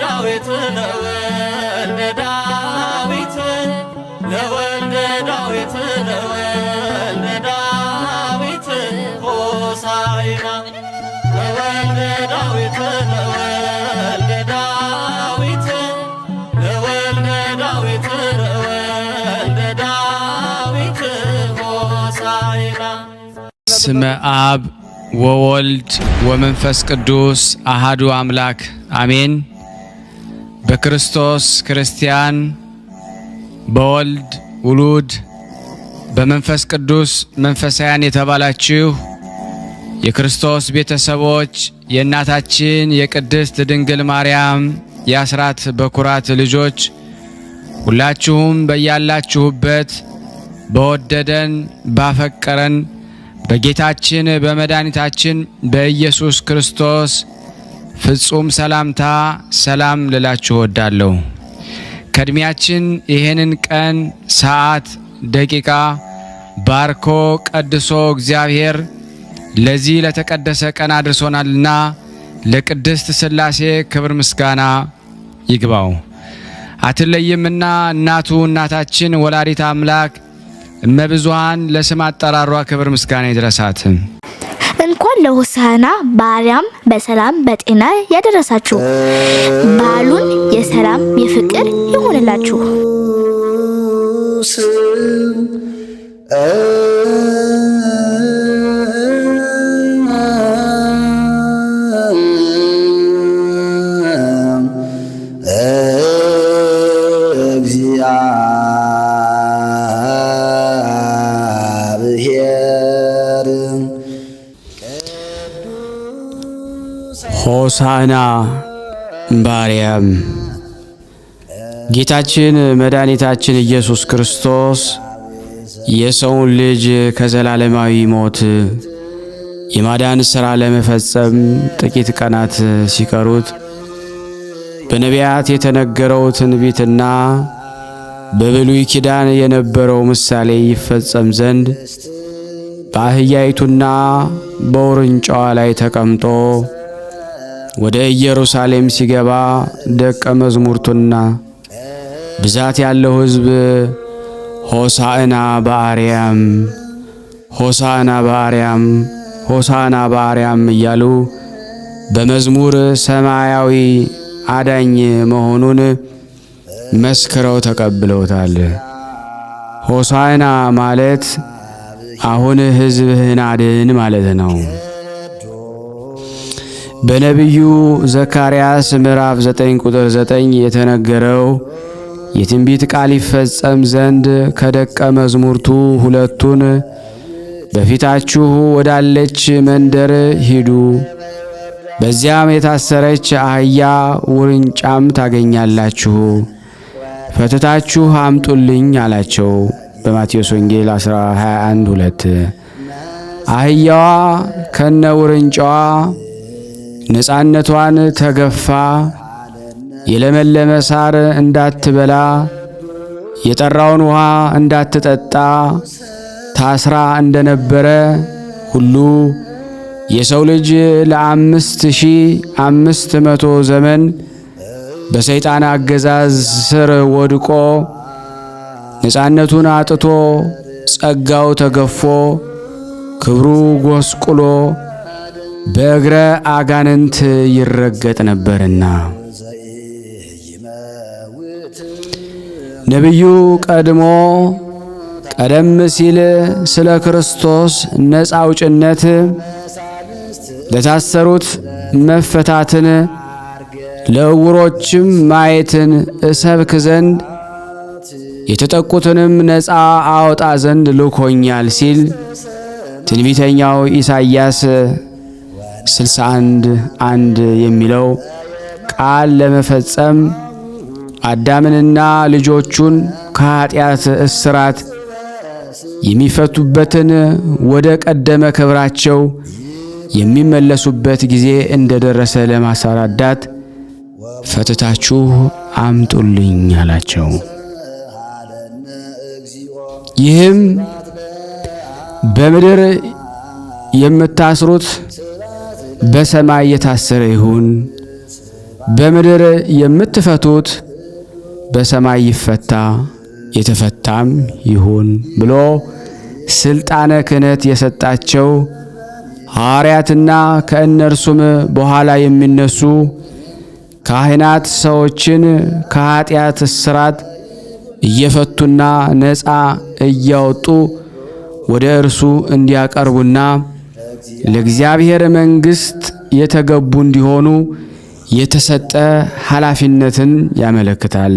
ዳዊት ለወልደ ዳዊት ለወልደ ዳዊት ለወልደ ዳዊት ሆሳዕና ለወልደ ዳዊት ለወልደ ዳዊት ለወልደ ዳዊት ለወልደ ዳዊት ሆሳዕና ስመ አብ ወወልድ ወመንፈስ ቅዱስ አሃዱ አምላክ አሜን። በክርስቶስ ክርስቲያን፣ በወልድ ውሉድ፣ በመንፈስ ቅዱስ መንፈሳውያን የተባላችሁ የክርስቶስ ቤተሰቦች የእናታችን የቅድስት ድንግል ማርያም የአስራት በኩራት ልጆች ሁላችሁም በያላችሁበት በወደደን ባፈቀረን በጌታችን በመድኃኒታችን በኢየሱስ ክርስቶስ ፍጹም ሰላምታ ሰላም ልላችሁ እወዳለሁ። ከእድሜያችን ይህንን ቀን፣ ሰዓት፣ ደቂቃ ባርኮ ቀድሶ እግዚአብሔር ለዚህ ለተቀደሰ ቀን አድርሶናልና ለቅድስት ሥላሴ ክብር ምስጋና ይግባው። አትለይምና እናቱ እናታችን ወላዲት አምላክ እመብዙሃን ለስም አጠራሯ ክብር ምስጋና ይድረሳት። እንኳን ለሆሳዕና በአርያም በሰላም በጤና ያደረሳችሁ። በዓሉን የሰላም የፍቅር ይሆንላችሁ። ሆሳዕና ባርያም ጌታችን መድኃኒታችን ኢየሱስ ክርስቶስ የሰውን ልጅ ከዘላለማዊ ሞት የማዳን ሥራ ለመፈጸም ጥቂት ቀናት ሲቀሩት በነቢያት የተነገረው ትንቢትና በብሉይ ኪዳን የነበረው ምሳሌ ይፈጸም ዘንድ በአህያይቱና በውርንጫዋ ላይ ተቀምጦ ወደ ኢየሩሳሌም ሲገባ ደቀ መዝሙርቱና ብዛት ያለው ሕዝብ ሆሳዕና በአርያም ሆሳዕና በአርያም ሆሳዕና በአርያም እያሉ በመዝሙር ሰማያዊ አዳኝ መሆኑን መስክረው ተቀብለውታል። ሆሳዕና ማለት አሁን ሕዝብህን አድን ማለት ነው። በነቢዩ ዘካርያስ ምዕራፍ 9 ቁጥር 9 የተነገረው የትንቢት ቃል ይፈጸም ዘንድ ከደቀ መዝሙርቱ ሁለቱን በፊታችሁ ወዳለች መንደር ሂዱ፣ በዚያም የታሰረች አህያ ውርንጫም ታገኛላችሁ፣ ፈትታችሁ አምጡልኝ አላቸው። በማቴዎስ ወንጌል 21 2 አህያዋ ከነ ውርንጫዋ ነፃነቷን ተገፋ የለመለመ ሳር እንዳትበላ የጠራውን ውሃ እንዳትጠጣ ታስራ እንደነበረ ሁሉ የሰው ልጅ ለአምስት ሺህ አምስት መቶ ዘመን በሰይጣን አገዛዝ ስር ወድቆ ነፃነቱን አጥቶ ጸጋው ተገፎ ክብሩ ጎስቁሎ በእግረ አጋንንት ይረገጥ ነበርና። ነቢዩ ቀድሞ ቀደም ሲል ስለ ክርስቶስ ነፃ አውጭነት ለታሰሩት መፈታትን ለዕውሮችም ማየትን እሰብክ ዘንድ የተጠቁትንም ነፃ አወጣ ዘንድ ልኮኛል ሲል ትንቢተኛው ኢሳይያስ 61 1 የሚለው ቃል ለመፈጸም አዳምንና ልጆቹን ከኀጢአት እስራት የሚፈቱበትን ወደ ቀደመ ክብራቸው የሚመለሱበት ጊዜ እንደደረሰ ለማሳራዳት ፈትታችሁ አምጡልኝ አላቸው። ይህም በምድር የምታስሩት በሰማይ የታሰረ ይሁን፣ በምድር የምትፈቱት በሰማይ ይፈታ የተፈታም ይሁን ብሎ ስልጣነ ክህነት የሰጣቸው ሐዋርያትና ከእነርሱም በኋላ የሚነሱ ካህናት ሰዎችን ከኀጢአት እስራት እየፈቱና ነፃ እያወጡ ወደ እርሱ እንዲያቀርቡና ለእግዚአብሔር መንግሥት የተገቡ እንዲሆኑ የተሰጠ ኃላፊነትን ያመለክታል።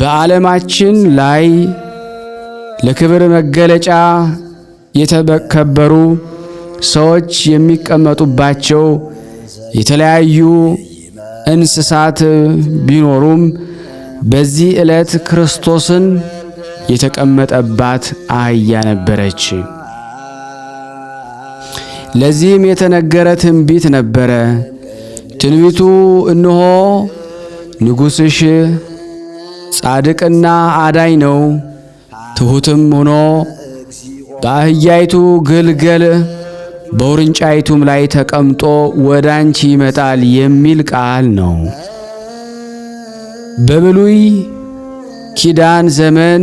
በዓለማችን ላይ ለክብር መገለጫ የተከበሩ ሰዎች የሚቀመጡባቸው የተለያዩ እንስሳት ቢኖሩም በዚህ ዕለት ክርስቶስን የተቀመጠባት አህያ ነበረች። ለዚህም የተነገረ ትንቢት ነበረ። ትንቢቱ እነሆ ንጉሥሽ ጻድቅና አዳኝ ነው፣ ትሑትም ሆኖ በአህያይቱ ግልገል በውርንጫይቱም ላይ ተቀምጦ ወደ አንቺ ይመጣል የሚል ቃል ነው። በብሉይ ኪዳን ዘመን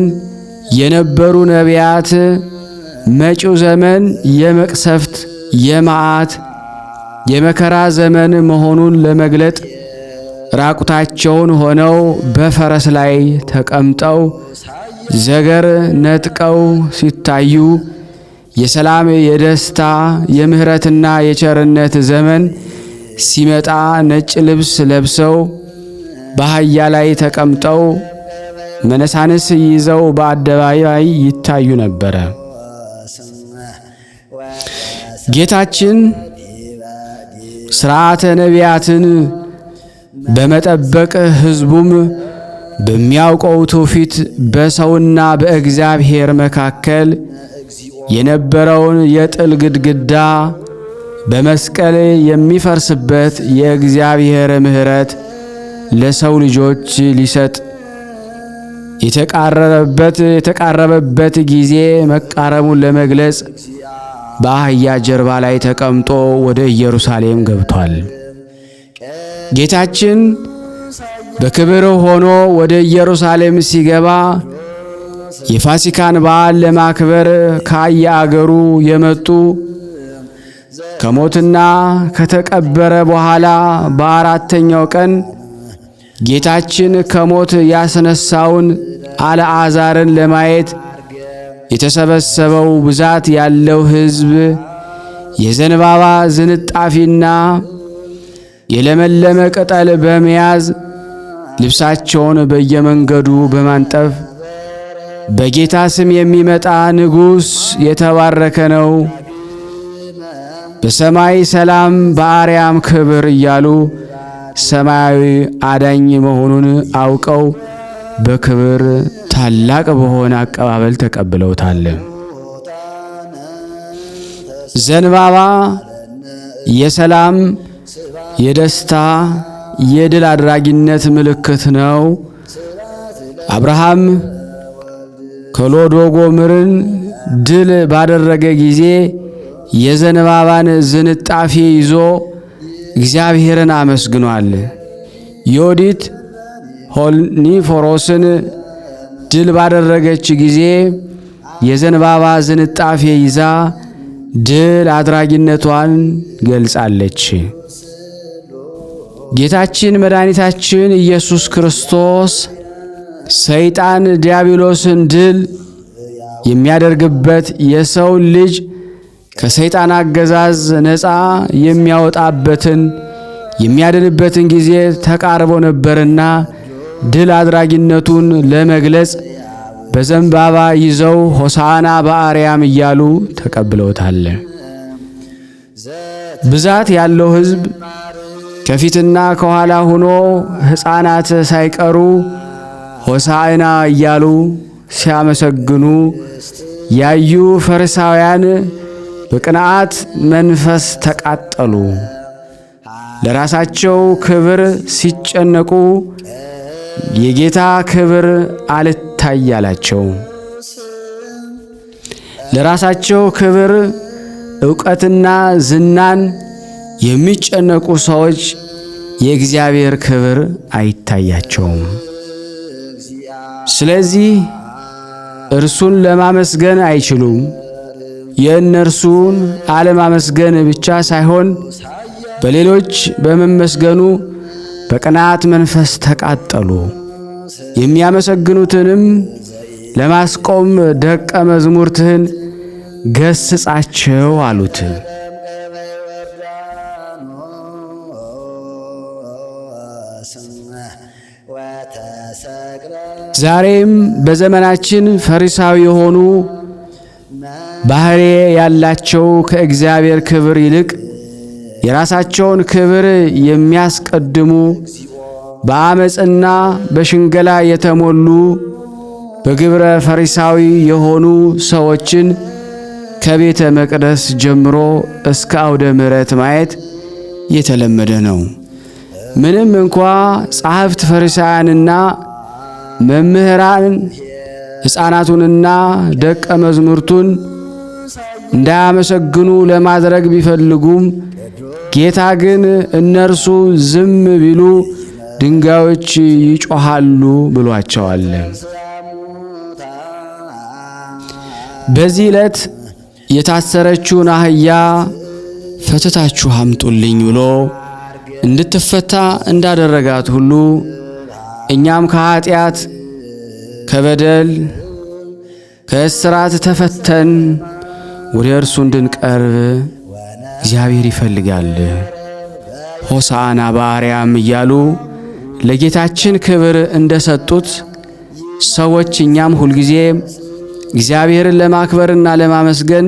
የነበሩ ነቢያት መጪው ዘመን የመቅሰፍት የመዓት የመከራ ዘመን መሆኑን ለመግለጥ ራቁታቸውን ሆነው በፈረስ ላይ ተቀምጠው ዘገር ነጥቀው ሲታዩ የሰላም የደስታ የምሕረትና የቸርነት ዘመን ሲመጣ ነጭ ልብስ ለብሰው በአህያ ላይ ተቀምጠው መነሳንስ ይዘው በአደባባይ ይታዩ ነበረ። ጌታችን ሥርዓተ ነቢያትን በመጠበቅ ሕዝቡም በሚያውቀው ትውፊት በሰውና በእግዚአብሔር መካከል የነበረውን የጥል ግድግዳ በመስቀል የሚፈርስበት የእግዚአብሔር ምሕረት ለሰው ልጆች ሊሰጥ የተቃረበበት የተቃረበበት ጊዜ መቃረሙን ለመግለጽ በአህያ ጀርባ ላይ ተቀምጦ ወደ ኢየሩሳሌም ገብቷል። ጌታችን በክብር ሆኖ ወደ ኢየሩሳሌም ሲገባ የፋሲካን በዓል ለማክበር ከየአገሩ የመጡ ከሞትና ከተቀበረ በኋላ በአራተኛው ቀን ጌታችን ከሞት ያስነሳውን አልዓዛርን ለማየት የተሰበሰበው ብዛት ያለው ሕዝብ የዘንባባ ዝንጣፊና የለመለመ ቅጠል በመያዝ ልብሳቸውን በየመንገዱ በማንጠፍ በጌታ ስም የሚመጣ ንጉሥ የተባረከ ነው፣ በሰማይ ሰላም፣ በአርያም ክብር እያሉ ሰማያዊ አዳኝ መሆኑን አውቀው በክብር ታላቅ በሆነ አቀባበል ተቀብለውታል። ዘንባባ የሰላም፣ የደስታ፣ የድል አድራጊነት ምልክት ነው። አብርሃም ከሎዶጎምርን ድል ባደረገ ጊዜ የዘንባባን ዝንጣፊ ይዞ እግዚአብሔርን አመስግኗል። ዮዲት ሆልኒፎሮስን ድል ባደረገች ጊዜ የዘንባባ ዝንጣፌ ይዛ ድል አድራጊነቷን ገልጻለች። ጌታችን መድኃኒታችን ኢየሱስ ክርስቶስ ሰይጣን ዲያብሎስን ድል የሚያደርግበት የሰው ልጅ ከሰይጣን አገዛዝ ነፃ የሚያወጣበትን የሚያድንበትን ጊዜ ተቃርቦ ነበርና ድል አድራጊነቱን ለመግለጽ በዘንባባ ይዘው ሆሳና በአርያም እያሉ ተቀብለውታል። ብዛት ያለው ሕዝብ ከፊትና ከኋላ ሆኖ ሕፃናት ሳይቀሩ ሆሳዕና እያሉ ሲያመሰግኑ ያዩ ፈሪሳውያን በቅንዓት መንፈስ ተቃጠሉ። ለራሳቸው ክብር ሲጨነቁ የጌታ ክብር አልታያላቸው። ለራሳቸው ክብር ዕውቀትና ዝናን የሚጨነቁ ሰዎች የእግዚአብሔር ክብር አይታያቸውም። ስለዚህ እርሱን ለማመስገን አይችሉም። የእነርሱን አለማመስገን ብቻ ሳይሆን በሌሎች በመመስገኑ በቅናት መንፈስ ተቃጠሉ። የሚያመሰግኑትንም ለማስቆም ደቀ መዝሙርትህን ገስጻቸው አሉት። ዛሬም በዘመናችን ፈሪሳዊ የሆኑ ባህሬ ያላቸው ከእግዚአብሔር ክብር ይልቅ የራሳቸውን ክብር የሚያስቀድሙ በአመፅና በሽንገላ የተሞሉ በግብረ ፈሪሳዊ የሆኑ ሰዎችን ከቤተ መቅደስ ጀምሮ እስከ አውደ ምሕረት ማየት የተለመደ ነው። ምንም እንኳ ጸሐፍት ፈሪሳውያንና መምህራን ሕፃናቱንና ደቀ መዝሙርቱን እንዳያመሰግኑ ለማድረግ ቢፈልጉም ጌታ ግን እነርሱ ዝም ቢሉ ድንጋዮች ይጮሃሉ ብሏቸዋል። በዚህ ዕለት የታሰረችውን አህያ ፈትታችሁ አምጡልኝ ብሎ እንድትፈታ እንዳደረጋት ሁሉ እኛም ከኀጢአት፣ ከበደል፣ ከእስራት ተፈተን ወደ እርሱ እንድንቀርብ እግዚአብሔር ይፈልጋል። ሆሳዕና በአርያም እያሉ ለጌታችን ክብር እንደሰጡት ሰዎች እኛም ሁልጊዜ እግዚአብሔርን ለማክበርና ለማመስገን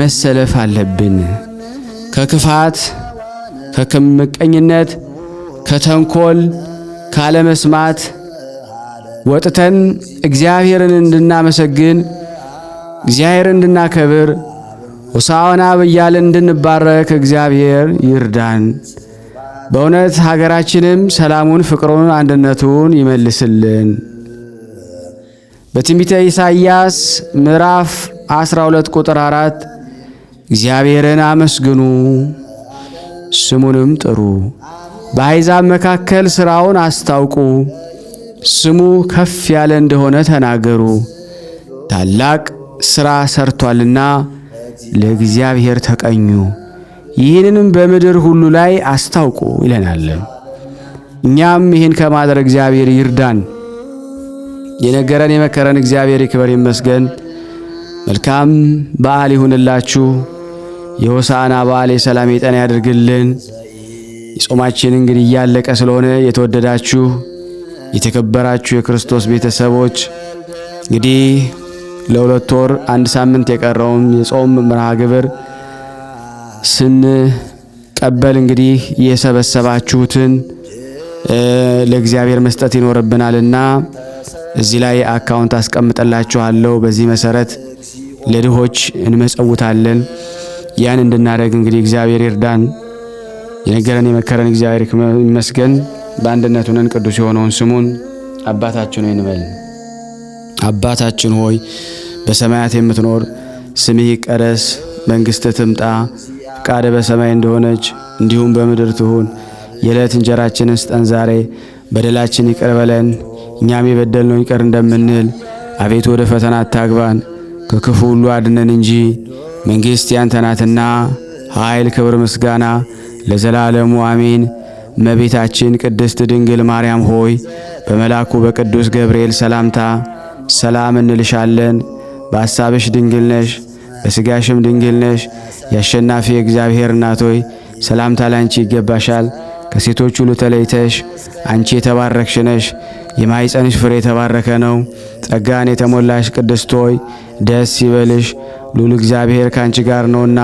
መሰለፍ አለብን። ከክፋት፣ ከምቀኝነት፣ ከተንኮል፣ ካለመስማት ወጥተን እግዚአብሔርን እንድናመሰግን እግዚአብሔር እንድናከብር ሆሳዕና ብያልን እንድንባረክ እግዚአብሔር ይርዳን። በእውነት ሀገራችንም ሰላሙን፣ ፍቅሩን፣ አንድነቱን ይመልስልን። በትንቢተ ኢሳይያስ ምዕራፍ 12 ቁጥር 4 እግዚአብሔርን አመስግኑ ስሙንም ጥሩ፣ በአሕዛብ መካከል ሥራውን አስታውቁ፣ ስሙ ከፍ ያለ እንደሆነ ተናገሩ ታላቅ ሥራ ሰርቷልና ለእግዚአብሔር ተቀኙ፣ ይህንንም በምድር ሁሉ ላይ አስታውቁ ይለናል። እኛም ይህን ከማድረግ እግዚአብሔር ይርዳን። የነገረን የመከረን እግዚአብሔር ይክበር ይመስገን። መልካም በዓል ይሁንላችሁ። የሆሳዕና በዓል የሰላም የጤና ያደርግልን። የጾማችን እንግዲህ እያለቀ ስለሆነ የተወደዳችሁ የተከበራችሁ የክርስቶስ ቤተሰቦች እንግዲህ ለሁለት ወር አንድ ሳምንት የቀረውን የጾም መርሃ ግብር ስንቀበል እንግዲህ የሰበሰባችሁትን ለእግዚአብሔር መስጠት ይኖርብናልና እዚህ ላይ አካውንት አስቀምጠላችኋለሁ። በዚህ መሰረት ለድሆች እንመጸውታለን። ያን እንድናደርግ እንግዲህ እግዚአብሔር ይርዳን። የነገረን የመከረን እግዚአብሔር ይመስገን። በአንድነቱንን ቅዱስ የሆነውን ስሙን አባታችን እንበል። አባታችን ሆይ በሰማያት የምትኖር ስምህ ይቀደስ፣ መንግሥትህ ትምጣ፣ ፍቃደ በሰማይ እንደሆነች እንዲሁም በምድር ትሁን። የዕለት እንጀራችንን ስጠን ዛሬ፣ በደላችን ይቅር በለን እኛም የበደልነው ይቅር እንደምንል፣ አቤቱ ወደ ፈተና አታግባን፣ ከክፉ ሁሉ አድነን እንጂ መንግሥት ያንተ ናትና ኃይል፣ ክብር፣ ምስጋና ለዘላለሙ አሜን። እመቤታችን ቅድስት ድንግል ማርያም ሆይ በመልአኩ በቅዱስ ገብርኤል ሰላምታ ሰላም እንልሻለን። በሐሳብሽ ድንግል ነሽ፣ በሥጋሽም ድንግል ነሽ። የአሸናፊ እግዚአብሔር እናት ሆይ ሰላምታ ላንቺ ይገባሻል። ከሴቶች ሁሉ ተለይተሽ አንቺ የተባረክሽ ነሽ፣ የማኅፀንሽ ፍሬ የተባረከ ነው። ጸጋን የተሞላሽ ቅድስት ሆይ ደስ ይበልሽ፣ ሉል እግዚአብሔር ከአንቺ ጋር ነውና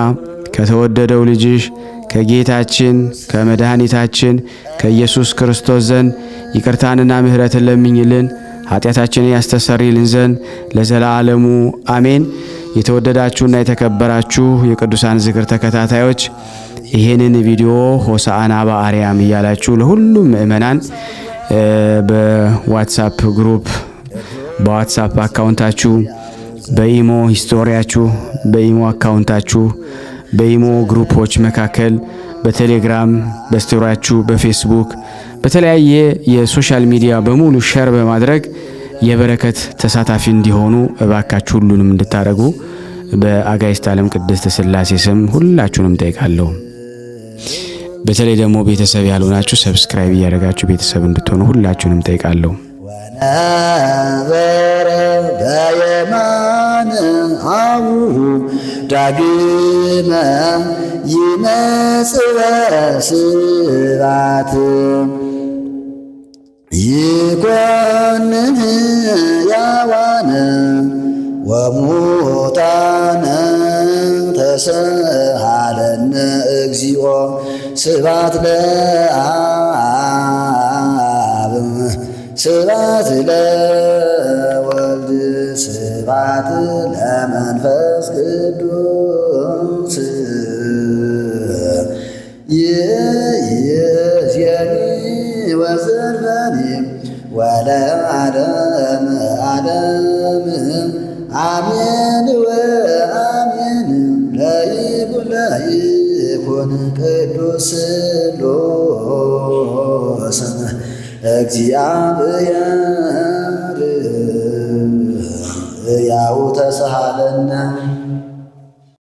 ከተወደደው ልጅሽ ከጌታችን ከመድኃኒታችን ከኢየሱስ ክርስቶስ ዘንድ ይቅርታንና ምሕረትን ለምኝልን ኃጢአታችንን ያስተሰርይልን ዘንድ ለዘላለሙ አሜን። የተወደዳችሁና የተከበራችሁ የቅዱሳን ዝክር ተከታታዮች ይህንን ቪዲዮ ሆሳዕና በአርያም እያላችሁ ለሁሉም ምእመናን በዋትሳፕ ግሩፕ፣ በዋትሳፕ አካውንታችሁ፣ በኢሞ ሂስቶሪያችሁ፣ በኢሞ አካውንታችሁ፣ በኢሞ ግሩፖች መካከል፣ በቴሌግራም በስቶሪያችሁ፣ በፌስቡክ በተለያየ የሶሻል ሚዲያ በሙሉ ሸር በማድረግ የበረከት ተሳታፊ እንዲሆኑ እባካችሁ ሁሉንም እንድታደርጉ በአጋይስት ዓለም ቅድስት ሥላሴ ስም ሁላችሁንም ጠይቃለሁ። በተለይ ደግሞ ቤተሰብ ያልሆናችሁ ሰብስክራይብ እያደረጋችሁ ቤተሰብ እንድትሆኑ ሁላችሁንም ጠይቃለሁ። በየማን አቡሁ ዳግመ ይመጽእ ይቆንህ ያዋነ ወሙታነ ተሰሃለነ እግዚኦ ስባት ለአብ ስባት ለወልድ ስባት ለመንፈስ ቅዱስ ይእዜኒ ወዘለኒ ወለም አደም አደም አሜን ወአሜን ለይኩን ለይኩን ቅዱስ ሎስ እግዚአብሔር ያው ተሳሃለና